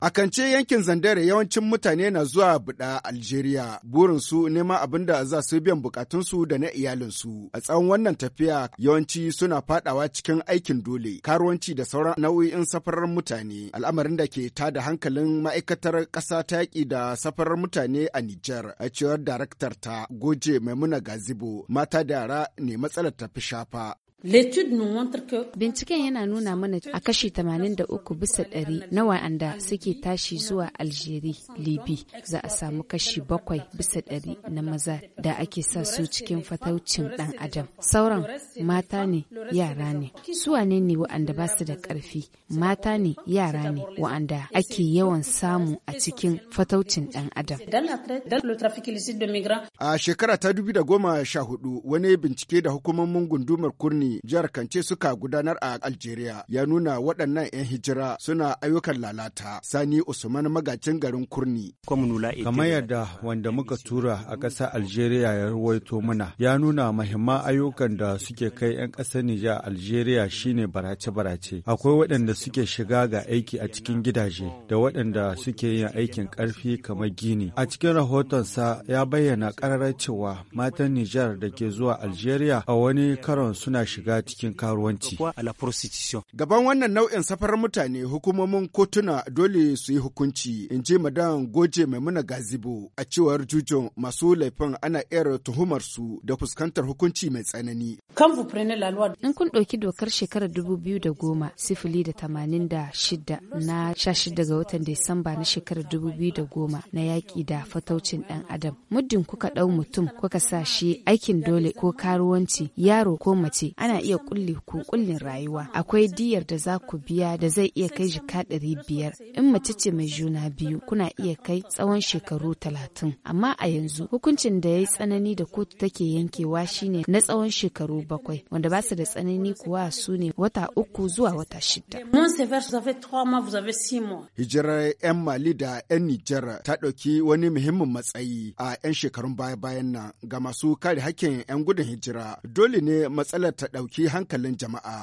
A kance yankin Zandare yawancin mutane na zuwa buɗa Algeria burinsu neman abin da za su biyan bukatunsu da na iyalinsu. A tsawon wannan tafiya yawanci suna fadawa cikin aikin dole, karuwanci da sauran nau'in safarar mutane, al'amarin da ke tada hankalin ma'aikatar ƙasa ta yaƙi da safarar mutane a Nijar, a cewar daraktar ta Goje Maimuna Gazibo, mata da yara ne matsalar tafi shafa. Binciken yana nuna mana a kashi 83 bisa ɗari na wa'anda suke tashi zuwa Aljeri, Libi za a samu kashi 7 bisa ɗari na maza da ake sa su cikin fataucin ɗan adam. Sauran mata ne, yara ne. Su wane ne wa'anda ba su da ƙarfi? Mata ne, yara ne wa'anda ake yawan samu a cikin fataucin ɗan adam. A shekara ta 2014 wani bincike da hukumomin gundumar kurni jihar Kance suka gudanar a Aljeriya. ya nuna waɗannan 'yan hijira suna ayyukan lalata. Sani Usman magacin garin Kurni. Kamar yadda wanda muka tura a ƙasa Aljeriya ya ruwaito mana ya nuna mahimman ayyukan da suke kai 'yan ƙasar Nijar Aljeriya shine barace-barace. Akwai waɗanda suke shiga ga aiki a cikin gidaje da waɗanda suke yin aikin ƙarfi kamar gini. A cikin rahotonsa ya bayyana ƙararrar cewa matan Nijar da ke zuwa Aljeriya a wani karon suna shiga cikin karuwanci. Gaban wannan nau'in safarar mutane hukumomin kotuna dole su yi hukunci in ji madan goje maimuna gazibo a cewar jujon masu laifin ana iya tuhumar su da fuskantar hukunci mai tsanani. In kun ɗauki dokar shekarar dubu biyu da goma sifili da tamanin da shida na sha shida ga watan Disamba na shekarar dubu biyu da goma na yaƙi da fataucin ɗan adam. Muddin kuka ɗau mutum kuka sa shi aikin dole ko karuwanci yaro ko mace ana iya kulle ku kullin rayuwa akwai diyar da za ku biya da zai iya kai jika ɗari biyar in mace ce mai juna biyu kuna iya kai tsawon shekaru talatin amma a yanzu hukuncin da ya yi tsanani da kotu take yankewa shine na tsawon shekaru bakwai wanda ba su da tsanani kuwa su ne wata uku zuwa wata shida. Hijirar 'yan Mali da 'yan Nijar ta ɗauki wani muhimmin matsayi a 'yan shekarun baya-bayan nan ga masu kare hakkin 'yan gudun hijira dole ne matsalar ta ɗauki hankalin jama'a.